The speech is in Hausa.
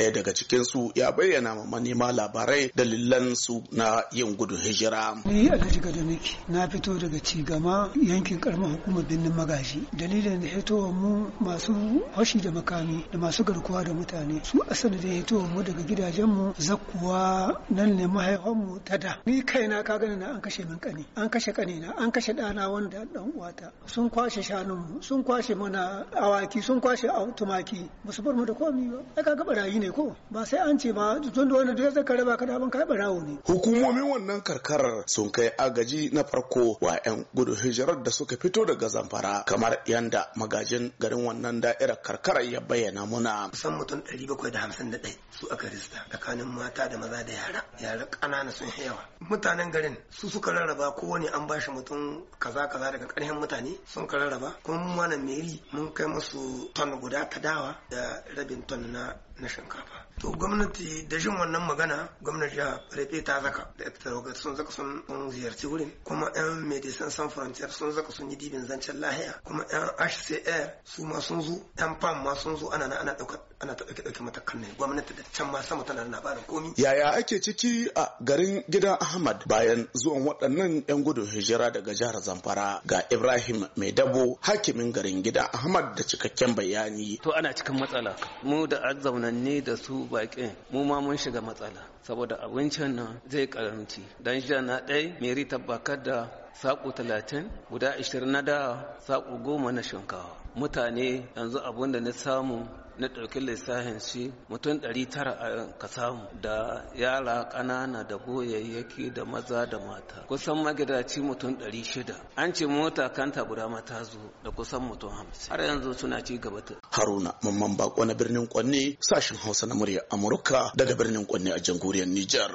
ɗaya daga cikin su ya bayyana ma manema labarai dalilan su na yin gudun hijira. Ni Alhaji Gadamiki na fito daga Cigama yankin karamar hukumar birnin Magaji. Dalilin da hitowar mu masu hashi da makami da masu garkuwa da mutane su a sanadin hitowar mu daga gidajen gidajenmu zakkuwa nan ne mahaifanmu ta da. Ni kaina ka gani na an kashe min kani an kashe kani na an kashe ɗana wanda ɗan uwata sun kwashe shanunmu sun kwashe mana awaki sun kwashe tumaki ba su bar mu da komi ba. ka ga barayi ne ko ba sai an ce ba tun da wani duk zaka raba ka da ban kai barawo ne hukumomin wannan karkarar sun kai agaji na farko wa yan gudu hijirar da suka fito daga zamfara kamar yanda magajin garin wannan da'irar karkarar ya bayyana muna san mutum da 751 su aka rista tsakanin mata da maza da yara yara ƙanana sun yawa mutanen garin su suka rarraba kowane an ba shi mutum kaza kaza daga ƙarshen mutane sun ka rarraba kuma mu meri mun kai musu ton guda ta dawa da rabin ton na na shinkafa to gwamnati da jin wannan magana gwamnati ya rebe ta zaka da ita tawagar sun zaka sun ziyarci wurin kuma yan medecins sans frontier sun zaka sun yi dibin zancen lahiya kuma yan hcr su ma sun zo yan pam ma sun zo ana ana ɗauka ana ta ɗauke ɗauke matakan ne gwamnati da can ma sama tana labarin komi yaya ake ciki a garin gidan ahmad bayan zuwan waɗannan yan gudun hijira daga jihar zamfara ga ibrahim mai dabo hakimin garin gidan ahmad da cikakken bayani to ana cikin matsala mu da azzauna manne da su baƙin mu ma mun shiga matsala saboda abincin nan zai karamci dan sha na ɗai meri tabbakar da saƙo talatin guda ashirin na da saƙo goma na shinkawa mutane yanzu abun da na samu na ɗauki lissafin shi mutum ɗari tara a ka samu da yara ƙanana da goyayyaki da maza da mata kusan magidaci mutum ɗari shida an ce mota kanta guda mata zo da kusan mutum hamsin har yanzu suna ci gaba ta haruna mamman bako na birnin kwanne sashen hausa na murya amurka daga birnin kwanne a jamhuriyar nijar